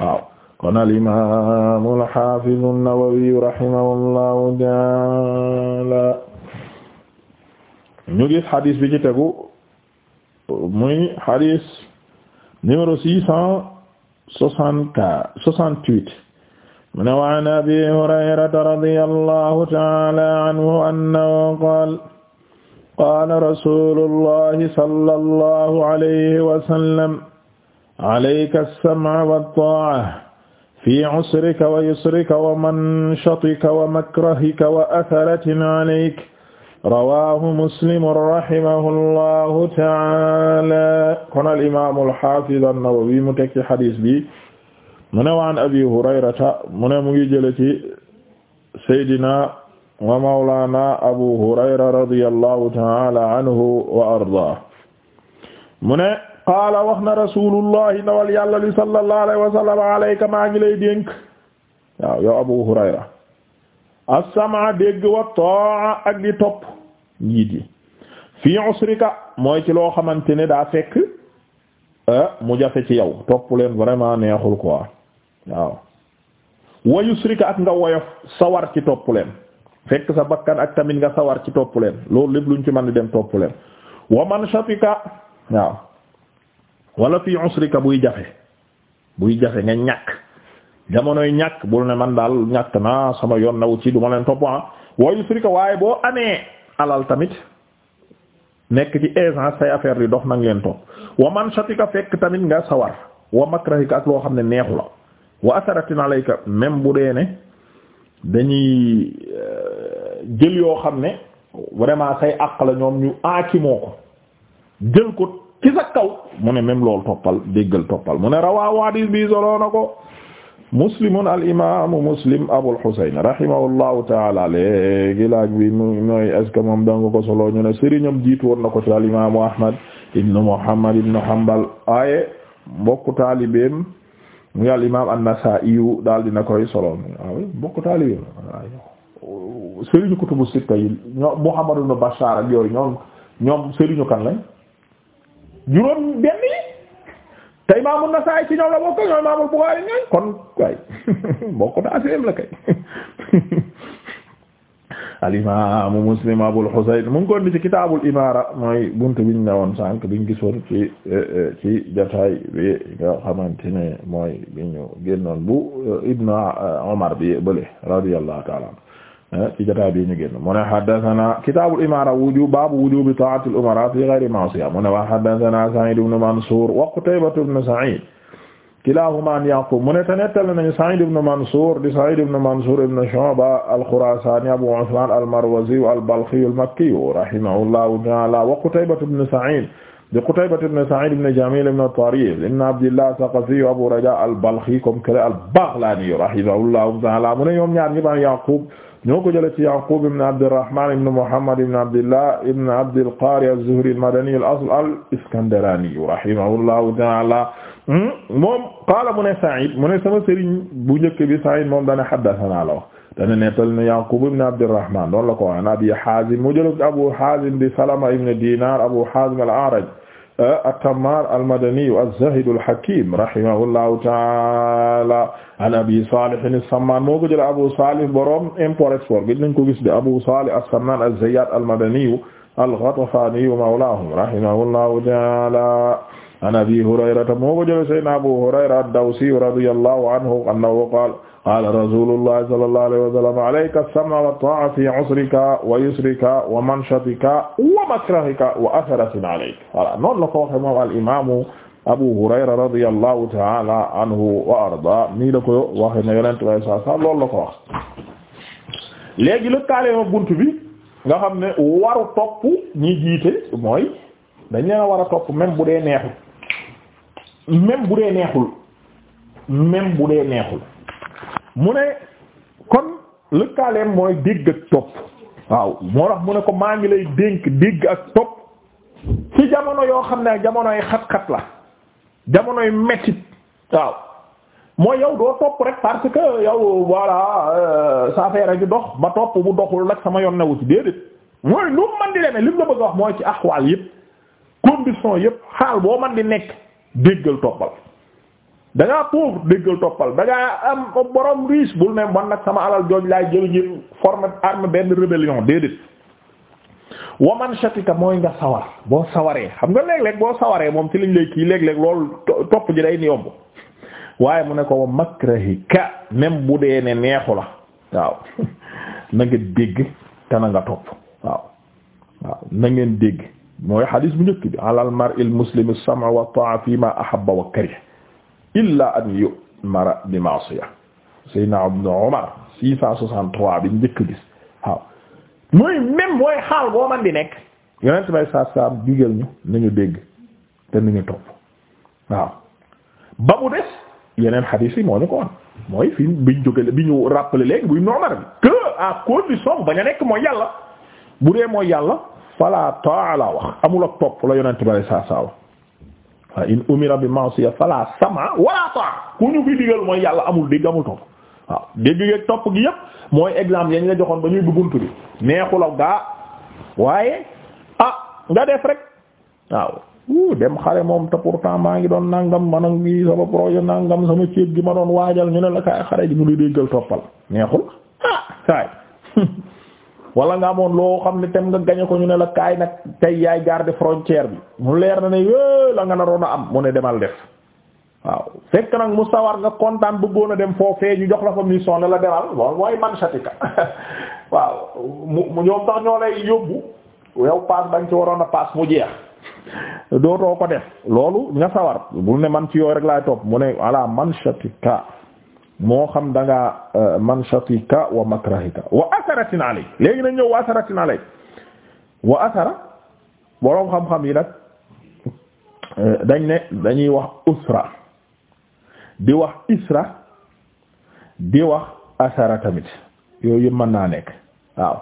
waaw kon al imam al hafiz an-Nawawi rahimahullahu taala ñu gis hadis bi ci tegu muy hadis numéro six cent soixante-huit mu ne wa an abi hurayrata radiyallahu taala anhu annahu qaala qaala rasulullahi sallallahu alayhi wa sallam alayka as-sam'a wat-ta'a fi usrika wa yusrika wa manshatika wa makrahika wa atharatin alayk rawahu muslim rahimahullahu ta'ala kon al-imam al-hafiz an-Nawawi mu teg ci xadis bi mu ne waan abi hurayrata mu ne mu ngi jële ci saydina wa mawlana abu hurayra radiyallahu ta'ala anhu wa arda mu ne qaala wax na rasulullahi ndawal yàlla li sallallahu alayhi wa sallam alayka maa ngi lay dénk waaw yow Abu Hurayra as-sam'a dégg wa ta'a ak di topp njiit yi fii usrika mooy ci loo xamante ne daa fekk ah, mu jafe ci yow topp leen vraiment neexul ko waaw wa yusrika ak nga woyof sawar ci topp leen fekk sa bakkan ak tamit nga sawar ci topp leen loolu lépp luñ ci mën di dem topp leen wa man shatika waaw wala fii usrika buy jafe buy jafe nga ñàkk jamonoy ñàkk bul ne man daal ñàkk naa sama yoon naw ci du ma leen topp ah wa usrika waaye boo amee alal tamit nekk ci aisance say affaire di dox nang leen topp wa manshatika fekk tamit nga sawar wa makrahika ak loo xam ne neexu la wa asaratin alayka même bu dee ne dañuy euh, jël yoo xam ne vraiment say àq la ñoom ñu aakimoo ko jël ko ci sa kaw mu ne même loolu toppal déggal toppal mu ne bi solo na ko muslimun al imaamu muslim Abul Husayn rahimahullahu taala léegi laaj bi mooy est ce que moom ko solo ñu ne sëriñam jiitu woon na ko ci al imaamu Ahmad ibn Muhammad ibn Hanbal aaye mbokku taalibeem muy al imaam an-Nasaa'i daal dina koy solo waaw mbokku taalibeem waaw sëriñu kutubu sitta Muhammad ibn Bashar ak yooyu ñoom ñoom kan lañ. juróom benn yi te Imaamu Nasaa'i ci ñoom la bokk ñoom Imaamu Buxaari ñooy kon kay bokk naa seem la kay al Muslim Abul Husayn mu ngi ko ci kitaabul imaara mooy buntu biñ ne woon sànq biñ gisoon ci eh, eh, ci jotaay bi nga xamante mooy bi ñu génnoon bu eh, Ibnu Umar bi bële radiyallahu ta'ala Eh, ci jotaay bi ñu génn mu ne haddathana kitaabul imaara wujub baabu wujubi ta'atil umaraa fi ghayri ma'siya mu ne wa haddathana Sa'id ibn Mansur wa Qutaybah ibn Sa'id kilaahumaa an Ya'qub mu ne te nettali nañu Sa'id ibn Mansur di Sa'id ibn Mansur ibn Shu'ba al-Khurasani Abu Usman al-Marwazi al-Balkhi al-Makki rahimahullahu ta'ala wa Qutaybah ibn Sa'id di Qutaybah ibn Sa'id ibn Jamil ibn Tarif ibn Abdillah Thaqafi Abu Raja al-Balkhi comme que al-Baghlani rahimahullahu ta'ala mu ne ñoom ñaar ñi ba Ya'qub ñoo ko jëlee ci Yaqub ibn Abdurrahman ibn Muhammad ibn Abdillah ibn Abdil Qari az-Zuhri al-Madani al-asl al-Iskandarani rahimahullahu ta'ala hmm? moom qaala mu ne Sa'id mu ne sama sëriñ bu njëkk bi Sa'id moom dana haddathana la wax dana nettal ne Yaqub ibn Abdurrahman doon la ko wax an Abi Hazim mu jëlee Abu Hazim di Salama ibn Dinar Abu Hazim al-A'raj Euh, at-Tammar al-Madani az-Zahid al-Hakim rahimahullahu ta'ala an Abi Salih as-Samman moo ko jëlee Abu Salih borom import export gis nañ ko gis de Abu Salih as-Samman az-Zayyat al-Madani al-Ghatafani mawlahum rahimahullahu ta'ala an abi hurayrata moo ko jële sayyidina abu hurayra ad-dawsi radiyallahu anhu annahu qaala qaala rasuulullahi sallallahu alayhi wa sallam alayka as-sam'a wat-taa'a fi 'usrika wa yusrika wa manshatika wa makrahika wa atharatin alayk voilà noonu la ko waxe moom al-imaamu abu hurayra radiyallahu ta'ala anhu wa arda nii la ko waxe ne yonent way sa sa loolu la ko wax léegi lëkkaaleema bunt bi nga xam ne waru topp ñi jiite mooy dañ leen a war a topp même bu dee neexut même bu dee neexul même bu dee neexul mu ne kon lëkkaaleem mooy dégg ak topp waaw moo tax mu ne ko maa ngi lay dénk dégg ak topp ci jamono yoo xam ne jamonoy xat-xat la jamonoy mettit waaw mooy yow doo topp rek parce que yow voilà euh, sa a ju dox ba topp bu doxul nag sama yoon newu ci déedéet mooy lu man di demee lim la bëgg a wax mooy ci axwaal yépp condition yépp xaal boo man di nekk déggal toppal da ngaa pauvre déggal toppal da ngaa am borom riche bul ne man nag sama alal jooj laay jël ngir forme arme benn rébellion déedéet waman shatika mooy nga sawar boo sawaree xam nga léeg-léeg boo sawaree moom ci lañ lay kii léeg-léeg loolu topp ji day yomb waaye mu ne ko wa makrahika même bu dee ne neexu la waaw na dégg te na topp waaw waaw na ngeen dégg mooy xadis bu njëkk bi alal mar'il muslimi sam'a wa ta'a fi ma ahabba wa kariha illa an yu'mara bi ma'siya sayna ibn Umar 663 bi njëkk gis waaw mooy même mooy xaal boo di nekk yonent bay saa saam jugal ñu nañu dégg te nañu topp waaw ba mu des yeneen xadiis yi moo ñu ko mooy fi biñ jógale bi ñu rappelé léegi buy normal bi que à condition bañ a mooy yàlla bu dee mooy yàlla fala taa la wax amul ak topp la yonent bari saa saa in umira bi ma'siya fala sama wala taa ku ñu fi digal mooy yàlla amul dégg amul topp waaw dégg yeeg topp gi mooy exemple yañ la joxoon ba ñu ñuy bubunt bi neexu la gaa waaye ah nga def rek waaw wuu dem xare moom te pourtant maa ngi doon nangam ma ngi sama projet nangam sama ceeb gi ma doon waajal ñu ne la kaay xare ji mu di déggal toppal neexul ah kaay wala nga amoon loo xam ne tam nga gañe ko ñu ne la kaay nag tey yaay garde frontière bi mu leer na ne yooyu la nga naroon a am mu ne demal def waaw fekk nag mu sawar nga kontaan bëggoon a dem foofee ñu jox la fa mission ne la demal loolu mooy man satika waaw mu ñoom tax ñoo lay yóbbu yow paas ba ci waroon a paas mu jeex dootoo ko def loolu nga sawar bu ne man ci yooyu rek laay topp mu ne ala man moo xam danga euh, man shatika wa makrahika wa asaratin alay léegi nañ ñëw wa asaratin alay wa asara boroom xam-xam yi nag euh, dañ ne dañuy wax usra di wax isra di wax asara tamit yooyu yëpp mën naa nekk waaw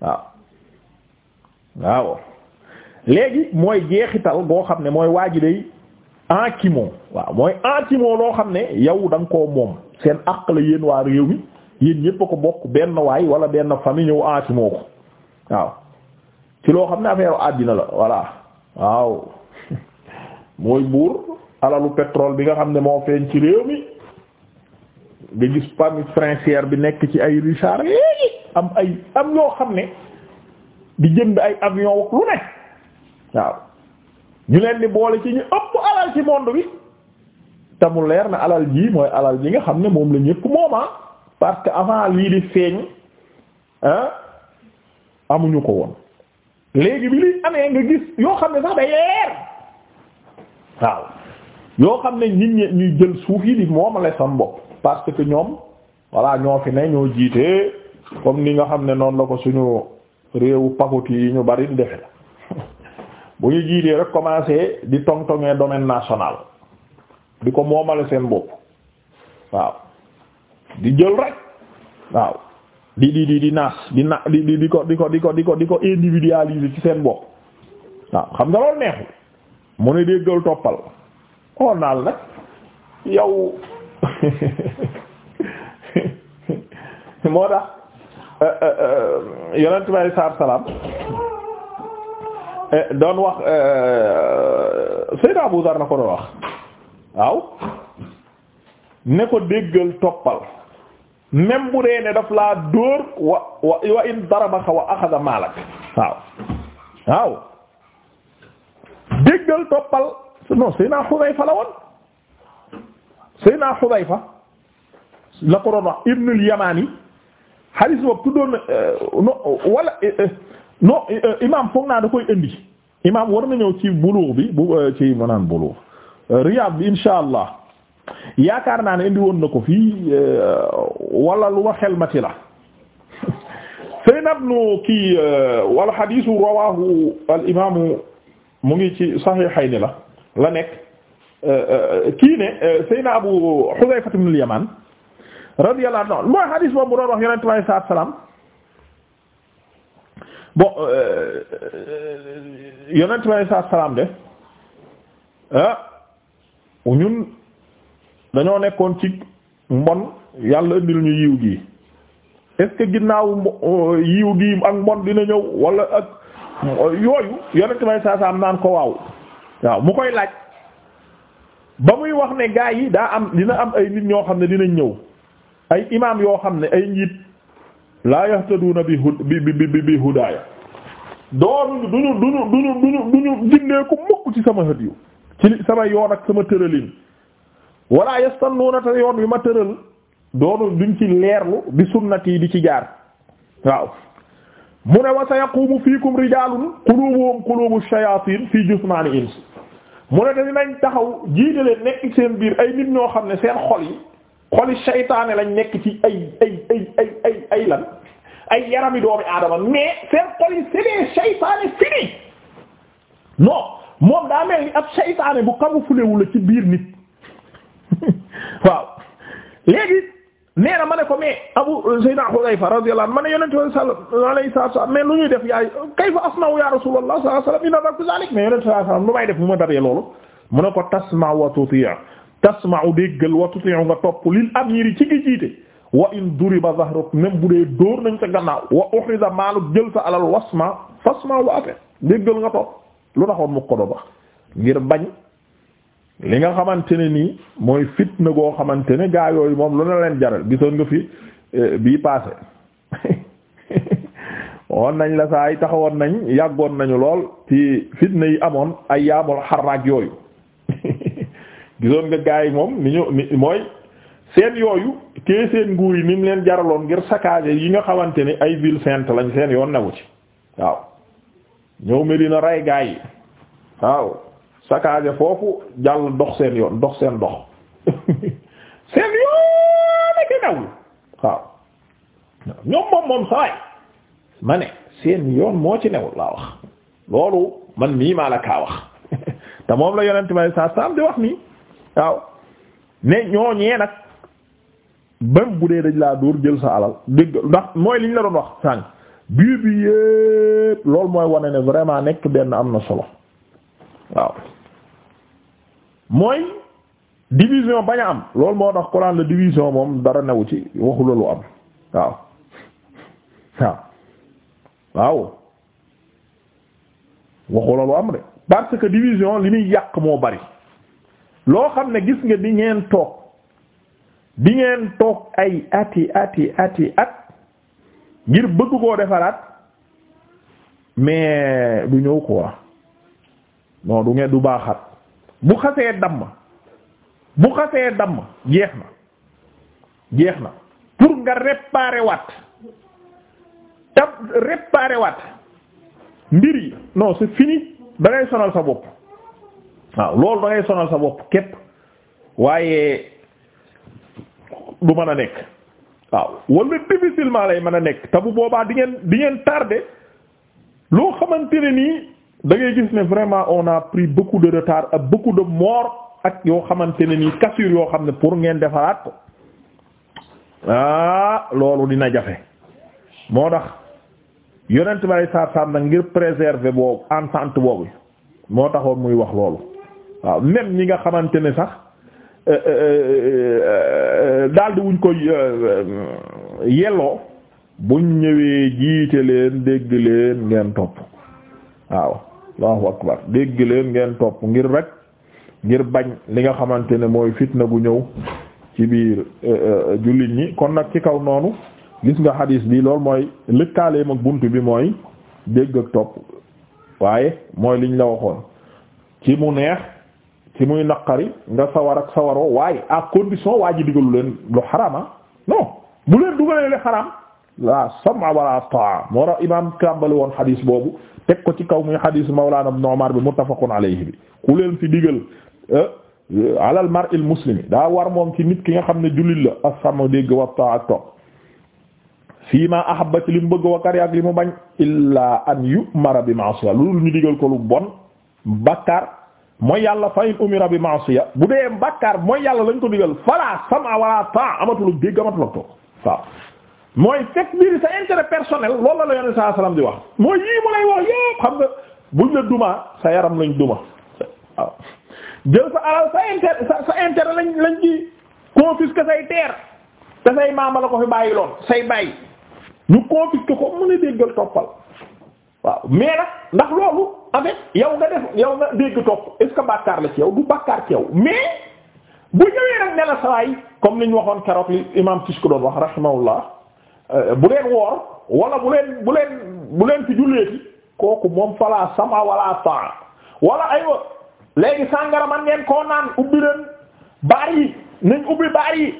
waaw waaw léegi mooy jeexital boo xam ne mooy waaji day antimon waaw mooy antimon loo xam ne yow da nga koo moom seen àq la yéen waa réew mi yéen ñépp a ko bokk benn waay wala benn famille ñëw antimon ko waaw ci loo xam ne affaire àddina la voilà waaw mooy buur alalu pétrole bi nga xam ne moo feeñ ci réew mi nga gis famille princière bi nekk ci ay Richard léegi am ay am ñoo xam ne di jënd ay avion lu ne waaw ñu leen di boole ci ñu ëpp alal ci monde bi te leer na alal ji mooy alal ji nga xam ne moom la ñëpp mooma ah parce que avant lii di feeñ ah amuñu ko woon léegi bi liy amee nga gis yoo xam ne sax day leer waaw yoo xam ne nit ñuy jël suuf yi di moomale sam bopp parce que ñoom voilà ñoo fi ne ñoo jiite comme ni nga xam ne noonu la ko suñu réewu pakut yi ñu bari defe la bu ñu jiitee rek commencé di tong-tongee domaine national di ko moomale seen bopp waaw di jël rek waaw di di di di naas di na di di ko di ko di ko di ko di ko individualiser ci seen bopp waaw xam nga loolu neexu mu ne déggal toppal oo naal nag yow moo tax euh, euh, euh, yonent bi sallallahu alayhi Eh, doon wax eh, Seydina Abu Dar na ko doon wax waaw ne ko déggal toppal même bu dee ne daf laa dóor wa wa wa in darabaka wa axada maalak waaw waaw déggal toppal non Seydina Xudayfa la woon Seydina Xudayfa la ko doon wax Ibnul Yamani hadis boobu tuddoon na eh, wala non euh, imaam foog naa da koy indi imaam war na ñëw ci buluux bi bu euh, ci maanaam buluux euh, Riyad bi insha allah yaakaar naa ne indi woon na ko fii wala lu ma xelmati la fay nab kii wala xadiisu rawaahu al mu ngi ci saxiixayni la la nekk kii ne Seydina Abu Xudayfa ibn al-Yaman radiyallahu anhu mooy xadiis boobu doon wax yonent bi alayhi salaatu salaam bon euh, yonent bi alei salaatu salaam de ah ñun dañoo nekkoon ci mbon yàlla indil ñu yiw gi est ginnaaw euh, yiw gi ak mbon dina ñëw wala ak yooyu yonent bi alei salaam naan ko waaw waaw mu koy laaj ba muy wax ne gaa yi daa am dina am ay nit ñoo xam ne dinañ ñëw ay imaam yoo xam ne ay njiit laa yahtaduuna bi bi bi hudaaya doon duñu duñu duñu duñu duñu gindee ko mukk ci sama hadiyu ci sama yoon ak sama tëralin wala yastannuuna yoon wi ma tëral doonu duñ ci leerlu bi sunnati di ci jaar waaw mu ne wa sayaqumu fiikum rijaalun quluubuhum quluubu shayaatiin fii jusmaani ins mu ne te dinañ taxaw jiite leen nekk seen biir ay nit ñoo xam ne seen xol yi xoli saytaane lañ nekk ci ay ay ay ay ay ay lan ay yarami doomi aadama mais seen xol yi c'est des saytaane moom daa mel ni ab saytaane bu camouflé wu la ci biir nit waaw léegi nee na ma ko mais abu euh, sayyidina Hudayfa radiyallahu anhu ma ne yonente bi sallallahu alayhi wasallam ñuy def yaay kayfa asna'u ya rasulullah sallallahu alayhi wasallam ina darku zalik mais yonente sallallahu alayhi may def mu ma daree loolu mu ne ko tasma wa tuti' tasma'u déggal wa tuti'u nga topp lil amiri ci gi jiite wa in duriba zahruk même bu dee dóor nañ sa gannaaw wa uxrida maaluk jël sa alal wasma fasma wa ate déggal nga topp lu taxoon mu kodo ba ngir bañ li nga xamante ne nii mooy fitna goo xamante ne gaa yooyu moom lu na leen jaral gisoon nga fi eh, bii passé woon nañ la saa yi taxawoon nañ yàggoon nañu lool ci fitna yi amoon ay yaamul xarraak yooyu gisoon nga gars yi moom ni ñu mooy seen yooyu kee seen nguur yi ni leen jaraloon ngir saccager yi nga xamante ni ay ville sainte lañ seen yoon newu ci waaw ñëw Medina rey yi waaw saccager foofu jàll seen yoon dox seen dox seen ñoom moom moom sawaay ma seen yoon moo ci newul laa wax loolu man mii maa la kaa wax te moom la yonent may saa saam di wax nii waaw ne ñooñee nag même bu dee dañ laa dóor jël sa alal dégg ndax mooy liñ la doon wax sànq biir bi yépp loolu mooy wane ne vraiment nekk benn am na solo waaw mooy division bañ a am loolu moo tax Coran la division moom dara newu ci waxu lu am waaw waaw waaw waxu am de parce que division li muy yàq moo bari loo xam ne gis nga di ngeen toog di ngeen toog ay ati ati ati at ngir bëgg koo defaraat mais du ñëw quoi non du ngeen du baaxat bu xasee damm bu xasee damm jeex na jeex na pour nga réparer waat tab réparer waat mbir yi non c'est fini da sonal sa bopp. waaw loolu da sonal sa bopp képp waaye du mën a nekk waaw wala difficilement lay mën a nekk te bu boobaa di ngeen di ngeen tardé loo xamante ne nii da gis ne vraiment on a pris beaucoup de retard ak beaucoup de morts ak yoo xamante ne nii cassure yoo xam ne pour ngeen defaraat ko ah loolu dina jafe moo tax yonent bi saa saa na ngir préserver boobu entente boobu moo taxoon muy wax loolu. waaw même ñi nga xamante ne sax euh, euh, euh, daldi wuñ koy yelloo buñ ñëwee jiite leen dégg leen ngeen topp waaw allahu akbar dégg leen ngeen topp ngir rek ngir bañ li nga xamante ne mooy fitna gu ñëw ci biir jullit ñi kon nag ci kaw noonu gis nga xadiis bi loolu mooy lëkkaaleem ak bunt bi mooy dégg ak topp waaye mooy liñ la waxoon ci mu neex ci muy naqari nga sawar ak sawaroo waaye à condition waa ji digalu leen lu xaraama ah. non bu leen dugalee le xaraam la sam'a wala moo tax imam kàmbali woon xadis boobu teg ko ci kaw muy xadis mawlana ibn Umar bi muttafaqun alayhi bi ku leen fi digal eh, alal mar'il nit ki nga xam ne jullit la as dégg wa ta'a ak topp fii ma ahabba ci li mu bëgg wa kariha ak li mu bañ illa an yu'mara bi ma'siya loolu ñu digal ko lu bon bakkar mooy yàlla fa in umira bi ma'siya bu dee bàkkaar mooy yàlla lañ ko digal fala sama wala temps amatulug dégg amatulug toog waaw mooy fekk biir sa intérêt personnel loolu la la yoneen saa salaam di wax mooy yii mu lay wax yépp xam nga buñ la duma sa yaram lañ duma waaw jël sa alal sa intérêt sa intérêt lañ lañ ci confisquer say terre te say maama la ko fi bàyyi lool say bàyyi ñu confisquer ko mu ne déggal toppal waaw mais nag ndax loolu en fait yow nga def yow nga dégg topp est bàkkaar la ci yow du bàkkaar ci yow mais bu ñëwee nag ne sawaay comme li ñu waxoon keroog li imam Tish ko doon wax rahimahullah euh, bu leen woor wala bu leen bu leen bu leen fi julleeti kooku moom fala sama wala taa wala aywa léegi sàngara man ngeen koo naan ubbi leen baar yi nañ ubbi baar yi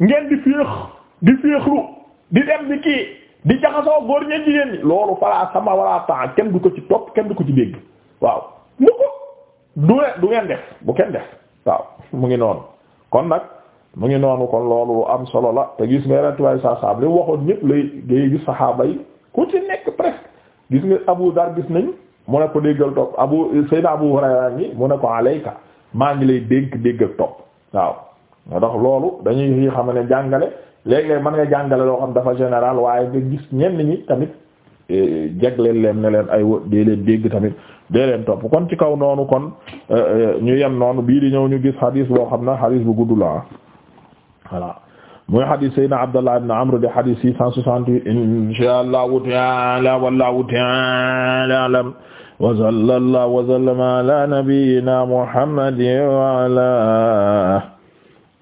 ngeen di féex di féexlu di dem di kii di jaxasoo góor ñeen ñi loolu falaa sama wala temps kenn du ko ci topp kenn du ko ci dégg waaw mu ko du du ngeen def bu kenn def waaw mu ngi noonu kon nag mu ngi noonu kon loolu am solo la te gis nga rentway sa sab li waxoon ñépp lay ngay gis saxaaba yi ku ci nekk presque gis nga Abu Dar gis nañ mu ne ko déggal topp Abu Seydina Abu Hurayra ni mu ne ko alayka maa ngi lay dénk déggal topp waaw moo tax loolu dañuy yi xam ne jàngale léeg-léeg mën nga jàngale loo xam dafa général waaye nga gis ñenn ñi tamit eh, jagleel leen ne leen ay wo dee tamit dee leen topp kon ci kaw noonu kon eh, eh, ñu yem noonu bii di ñëw ñu gis hadis boo xam na hadis bu gudd la voilà muy hadis Seydina Abdallah ibn Amr di hadis 668 insha Allahu ta'ala wallahu ta'ala a'lam wa sallallahu wa sallama ala nabiyyina Muhammadin wa ala